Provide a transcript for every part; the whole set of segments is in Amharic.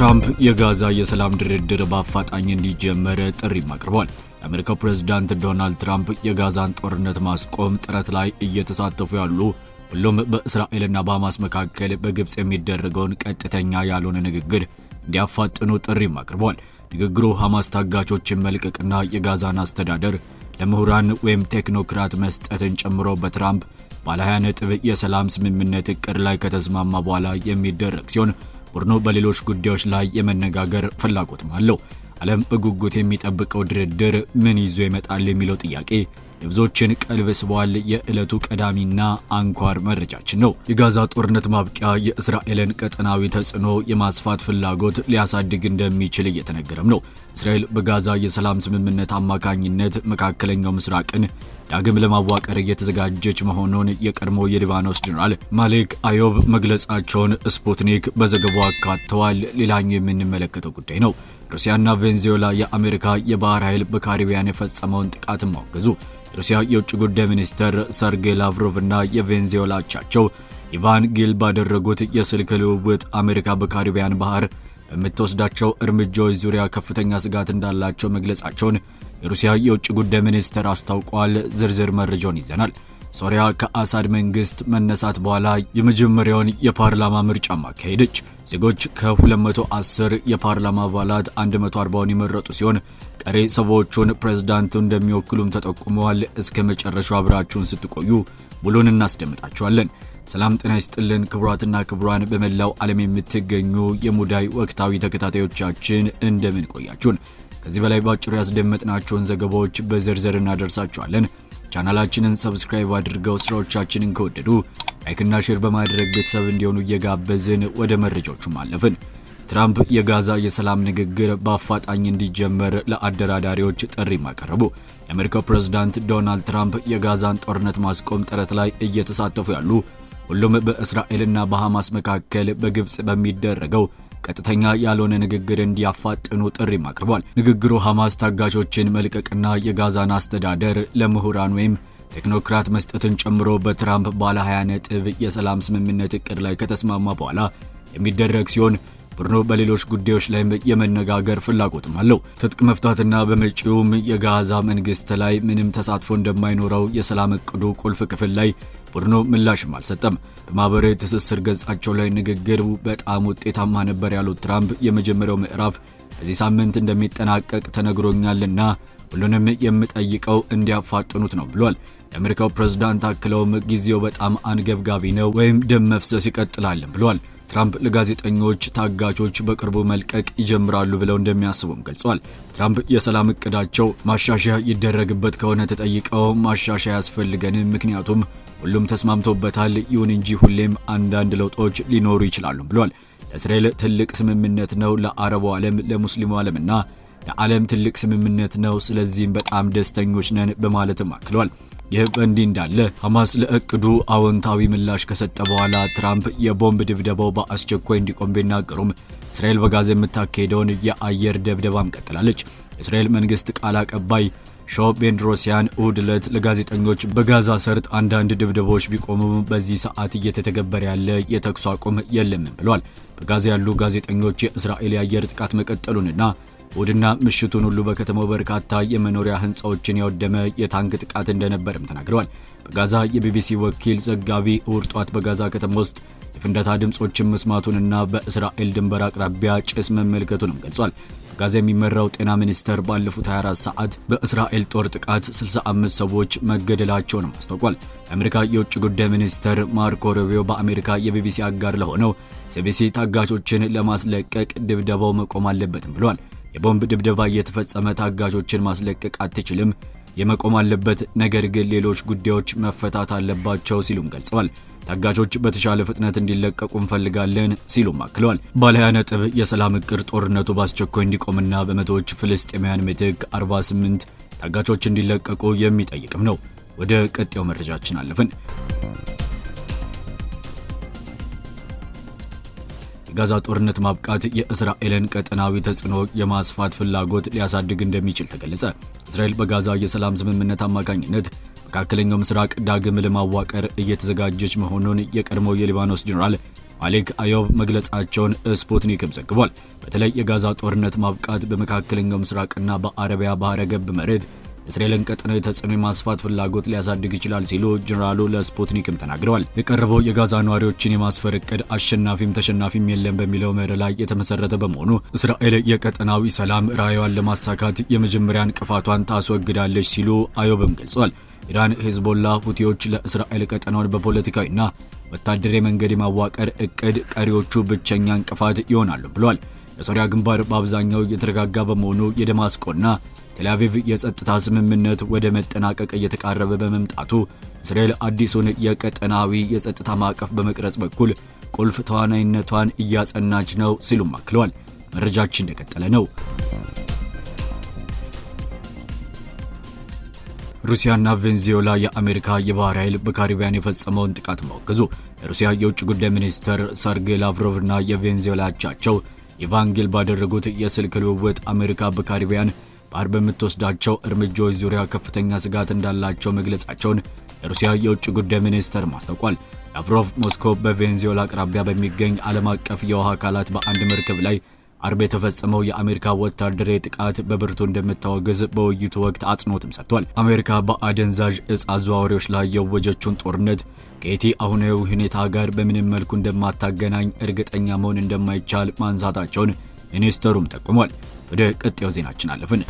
ትራምፕ የጋዛ የሰላም ድርድር በአፋጣኝ እንዲጀመር ጥሪም አቅርቧል። የአሜሪካው ፕሬዝዳንት ዶናልድ ትራምፕ የጋዛን ጦርነት ማስቆም ጥረት ላይ እየተሳተፉ ያሉ ሁሉም በእስራኤልና በሐማስ መካከል በግብፅ የሚደረገውን ቀጥተኛ ያልሆነ ንግግር እንዲያፋጥኑ ጥሪም አቅርቧል። ንግግሩ ሐማስ ታጋቾችን መልቀቅና የጋዛን አስተዳደር ለምሁራን ወይም ቴክኖክራት መስጠትን ጨምሮ በትራምፕ ባለ 20 ነጥብ የሰላም ስምምነት እቅድ ላይ ከተስማማ በኋላ የሚደረግ ሲሆን ቡድኑ በሌሎች ጉዳዮች ላይ የመነጋገር ፍላጎትም አለው። ዓለም በጉጉት የሚጠብቀው ድርድር ምን ይዞ ይመጣል የሚለው ጥያቄ የብዙዎችን ቀልብ ስቧል። የዕለቱ ቀዳሚና አንኳር መረጃችን ነው። የጋዛ ጦርነት ማብቂያ የእስራኤልን ቀጠናዊ ተጽዕኖ የማስፋት ፍላጎት ሊያሳድግ እንደሚችል እየተነገረም ነው። እስራኤል በጋዛ የሰላም ስምምነት አማካኝነት መካከለኛው ምስራቅን ዳግም ለማዋቀር እየተዘጋጀች መሆኑን የቀድሞ የሊባኖስ ጀኔራል ማሊክ አዮብ መግለጻቸውን ስፑትኒክ በዘገባው አካተዋል። ሌላኛው የምንመለከተው ጉዳይ ነው። ሩሲያና ቬንዙዌላ የአሜሪካ የባህር ኃይል በካሪቢያን የፈጸመውን ጥቃት ማወገዙ። ሩሲያ የውጭ ጉዳይ ሚኒስትር ሰርጌይ ላቭሮቭ እና የቬንዙዌላ አቻቸው ኢቫን ጊል ባደረጉት የስልክ ልውውጥ አሜሪካ በካሪቢያን ባህር በምትወስዳቸው እርምጃዎች ዙሪያ ከፍተኛ ስጋት እንዳላቸው መግለጻቸውን የሩሲያ የውጭ ጉዳይ ሚኒስትር አስታውቋል። ዝርዝር መረጃውን ይዘናል። ሶሪያ ከአሳድ መንግስት መነሳት በኋላ የመጀመሪያውን የፓርላማ ምርጫ አካሄደች። ዜጎች ከ210 የፓርላማ አባላት 140ን የመረጡ ሲሆን ቀሪ ሰባዎቹን ፕሬዝዳንቱ እንደሚወክሉም ተጠቁመዋል። እስከ መጨረሻው አብራችሁን ስትቆዩ ሙሉን እናስደምጣችኋለን። ሰላም ጤና ይስጥልን ክቡራትና ክቡራን፣ በመላው ዓለም የምትገኙ የሙዳይ ወቅታዊ ተከታታዮቻችን እንደምን ቆያችሁን? ከዚህ በላይ ባጭሩ ያስደመጥናቸውን ዘገባዎች በዝርዝር እናደርሳችኋለን። ቻናላችንን ሰብስክራይብ አድርገው ስራዎቻችንን ከወደዱ ላይክና ሼር በማድረግ ቤተሰብ እንዲሆኑ እየጋበዝን ወደ መረጃዎቹም አለፍን። ትራምፕ የጋዛ የሰላም ንግግር በአፋጣኝ እንዲጀመር ለአደራዳሪዎች ጥሪ ማቀረቡ፣ የአሜሪካው ፕሬዝዳንት ዶናልድ ትራምፕ የጋዛን ጦርነት ማስቆም ጥረት ላይ እየተሳተፉ ያሉ ሁሉም በእስራኤልና በሐማስ መካከል በግብፅ በሚደረገው ቀጥተኛ ያልሆነ ንግግር እንዲያፋጥኑ ጥሪም አቅርቧል። ንግግሩ ሐማስ ታጋቾችን መልቀቅና የጋዛን አስተዳደር ለምሁራን ወይም ቴክኖክራት መስጠትን ጨምሮ በትራምፕ ባለ 20 ነጥብ የሰላም ስምምነት እቅድ ላይ ከተስማማ በኋላ የሚደረግ ሲሆን ቡድኑ በሌሎች ጉዳዮች ላይም የመነጋገር ፍላጎትም አለው። ትጥቅ መፍታትና በመጪውም የጋዛ መንግስት ላይ ምንም ተሳትፎ እንደማይኖረው የሰላም እቅዱ ቁልፍ ክፍል ላይ ቡድኑ ምላሽም አልሰጠም። በማህበራዊ ትስስር ገጻቸው ላይ ንግግሩ በጣም ውጤታማ ነበር ያሉት ትራምፕ የመጀመሪያው ምዕራፍ በዚህ ሳምንት እንደሚጠናቀቅ ተነግሮኛልና ሁሉንም የምጠይቀው እንዲያፋጥኑት ነው ብሏል። የአሜሪካው ፕሬዝዳንት አክለውም ጊዜው በጣም አንገብጋቢ ነው ወይም ደም መፍሰስ ይቀጥላልን ብሏል። ትራምፕ ለጋዜጠኞች ታጋቾች በቅርቡ መልቀቅ ይጀምራሉ ብለው እንደሚያስቡም ገልጿል። ትራምፕ የሰላም እቅዳቸው ማሻሻያ ይደረግበት ከሆነ ተጠይቀው ማሻሻያ ያስፈልገን፣ ምክንያቱም ሁሉም ተስማምቶበታል። ይሁን እንጂ ሁሌም አንዳንድ ለውጦች ሊኖሩ ይችላሉ ብሏል። ለእስራኤል ትልቅ ስምምነት ነው። ለአረቡ ዓለም፣ ለሙስሊሙ ዓለምና ለዓለም ትልቅ ስምምነት ነው። ስለዚህም በጣም ደስተኞች ነን በማለትም አክሏል። ይህ በእንዲህ እንዳለ ሐማስ ለእቅዱ አዎንታዊ ምላሽ ከሰጠ በኋላ ትራምፕ የቦምብ ድብደባው በአስቸኳይ እንዲቆም ቢናገሩም እስራኤል በጋዛ የምታካሄደውን የአየር ድብደባም ቀጥላለች። የእስራኤል መንግስት ቃል አቀባይ ሾው ቤንድሮሲያን እሁድ ዕለት ለጋዜጠኞች በጋዛ ሰርጥ አንዳንድ ድብደባዎች ቢቆሙም በዚህ ሰዓት እየተተገበረ ያለ የተኩስ አቁም የለም ብሏል። በጋዛ ያሉ ጋዜጠኞች የእስራኤል የአየር ጥቃት መቀጠሉንና እሁድና ምሽቱን ሁሉ በከተማው በርካታ የመኖሪያ ህንፃዎችን ያወደመ የታንክ ጥቃት እንደነበርም ተናግረዋል። በጋዛ የቢቢሲ ወኪል ዘጋቢ እሁድ ጧት በጋዛ ከተማ ውስጥ የፍንዳታ ድምፆችን መስማቱንና በእስራኤል ድንበር አቅራቢያ ጭስ መመልከቱንም ገልጿል። ጋዛ የሚመራው ጤና ሚኒስቴር ባለፉት 24 ሰዓት በእስራኤል ጦር ጥቃት 65 ሰዎች መገደላቸውንም አስታውቋል። የአሜሪካ የውጭ ጉዳይ ሚኒስትር ማርኮ ሩቢዮ በአሜሪካ የቢቢሲ አጋር ለሆነው ሲቢሲ ታጋቾችን ለማስለቀቅ ድብደባው መቆም አለበትም ብሏል። የቦምብ ድብደባ እየተፈጸመ ታጋቾችን ማስለቀቅ አትችልም የመቆም አለበት፣ ነገር ግን ሌሎች ጉዳዮች መፈታት አለባቸው ሲሉም ገልጸዋል። ታጋቾች በተሻለ ፍጥነት እንዲለቀቁ እንፈልጋለን ሲሉም አክለዋል። ባለ ነጥብ የሰላም እቅድ ጦርነቱ በአስቸኳይ እንዲቆምና በመቶዎች ፍልስጤማውያን ምትክ 48 ታጋቾች እንዲለቀቁ የሚጠይቅም ነው። ወደ ቀጣዩ መረጃችን አለፍን። ጋዛ ጦርነት ማብቃት የእስራኤልን ቀጠናዊ ተጽዕኖ የማስፋት ፍላጎት ሊያሳድግ እንደሚችል ተገለጸ። እስራኤል በጋዛ የሰላም ስምምነት አማካኝነት መካከለኛው ምስራቅ ዳግም ለማዋቀር እየተዘጋጀች መሆኑን የቀድሞ የሊባኖስ ጀኔራል ማሊክ አዮብ መግለጻቸውን ስፑትኒክም ዘግቧል። በተለይ የጋዛ ጦርነት ማብቃት በመካከለኛው ምስራቅና በአረቢያ ባህረ ገብ መሬት እስራኤልን ቀጠናዊ ተጽዕኖ የማስፋት ፍላጎት ሊያሳድግ ይችላል ሲሉ ጀኔራሉ ለስፑትኒክም ተናግረዋል። የቀረበው የጋዛ ነዋሪዎችን የማስፈር እቅድ አሸናፊም ተሸናፊም የለም በሚለው መር ላይ የተመሰረተ በመሆኑ እስራኤል የቀጠናዊ ሰላም ራዕይዋን ለማሳካት የመጀመሪያ እንቅፋቷን ታስወግዳለች ሲሉ አዮብም ገልጿል። ኢራን ሄዝቦላ ሁቲዎች ለእስራኤል ቀጠናውን በፖለቲካዊና ወታደራዊ መንገድ የማዋቀር እቅድ ቀሪዎቹ ብቸኛ እንቅፋት ይሆናሉ ብሏል። የሶሪያ ግንባር በአብዛኛው የተረጋጋ በመሆኑ የደማስቆና ቴልአቪቭ የጸጥታ ስምምነት ወደ መጠናቀቅ እየተቃረበ በመምጣቱ እስራኤል አዲሱን የቀጠናዊ የጸጥታ ማዕቀፍ በመቅረጽ በኩል ቁልፍ ተዋናይነቷን እያጸናች ነው ሲሉም አክለዋል። መረጃችን እንደቀጠለ ነው። ሩሲያና ቬንዙዌላ የአሜሪካ የባህር ኃይል በካሪቢያን የፈጸመውን ጥቃት መወገዙ። የሩሲያ የውጭ ጉዳይ ሚኒስትር ሰርጌይ ላቭሮቭና የቬንዙዌላ አቻቸው ኢቫንጌል ባደረጉት የስልክ ልውውጥ አሜሪካ በካሪቢያን ባር በምትወስዳቸው እርምጃዎች ዙሪያ ከፍተኛ ስጋት እንዳላቸው መግለጻቸውን የሩሲያ የውጭ ጉዳይ ሚኒስቴር ማስታውቋል። ላቭሮቭ ሞስኮ በቬንዙዌላ አቅራቢያ በሚገኝ ዓለም አቀፍ የውሃ አካላት በአንድ መርከብ ላይ አርብ የተፈጸመው የአሜሪካ ወታደራዊ ጥቃት በብርቱ እንደምታወግዝ በውይይቱ ወቅት አጽንኦትም ሰጥቷል። አሜሪካ በአደንዛዥ እጽ አዘዋዋሪዎች ላይ የወጀችውን ጦርነት ከየቲ አሁናዊ ሁኔታ ጋር በምንም መልኩ እንደማታገናኝ እርግጠኛ መሆን እንደማይቻል ማንሳታቸውን ሚኒስተሩም ጠቁሟል። ወደ ቀጣዩ ዜናችን አለፍን።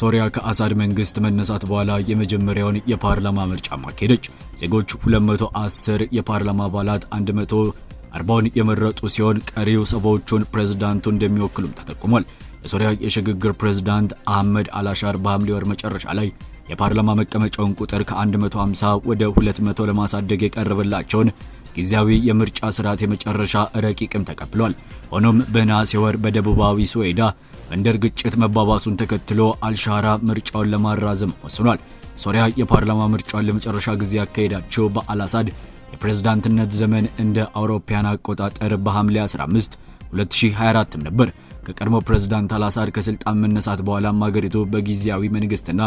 ሶሪያ ከአሳድ መንግስት መነሳት በኋላ የመጀመሪያውን የፓርላማ ምርጫ ማካሄደች። ዜጎች 210 የፓርላማ አባላት 140ን የመረጡ ሲሆን ቀሪው ሰባዎቹን ፕሬዝዳንቱ እንደሚወክሉም ተጠቁሟል። የሶሪያ የሽግግር ፕሬዝዳንት አህመድ አላሻር በሐምሌ ወር መጨረሻ ላይ የፓርላማ መቀመጫውን ቁጥር ከ150 ወደ 200 ለማሳደግ የቀረበላቸውን ጊዜያዊ የምርጫ ስርዓት የመጨረሻ ረቂቅም ተቀብሏል። ሆኖም በነሐሴ ወር በደቡባዊ ሱዌዳ መንደር ግጭት መባባሱን ተከትሎ አልሻራ ምርጫውን ለማራዘም ወስኗል። ሶሪያ የፓርላማ ምርጫውን ለመጨረሻ ጊዜ ያካሄዳቸው በአልአሳድ የፕሬዝዳንትነት ዘመን እንደ አውሮፓያን አቆጣጠር በሐምሌ 15 2024 ነበር። ከቀድሞ ፕሬዝዳንት አልአሳድ ከስልጣን መነሳት በኋላም አገሪቱ በጊዜያዊ መንግስትና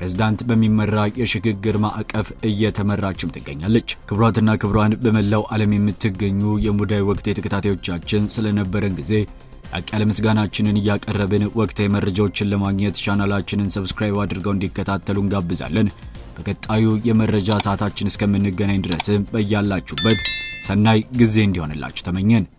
ፕሬዝዳንት በሚመራ የሽግግር ማዕቀፍ እየተመራችም ትገኛለች። ክቡራትና ክቡራን በመላው ዓለም የምትገኙ የሙዳይ ወቅት የተከታታዮቻችን ስለነበረን ጊዜ ላቅ ያለ ምስጋናችንን እያቀረብን ወቅታዊ መረጃዎችን ለማግኘት ቻናላችንን ሰብስክራይብ አድርገው እንዲከታተሉ እንጋብዛለን። በቀጣዩ የመረጃ ሰዓታችን እስከምንገናኝ ድረስም በያላችሁበት ሰናይ ጊዜ እንዲሆንላችሁ ተመኘን።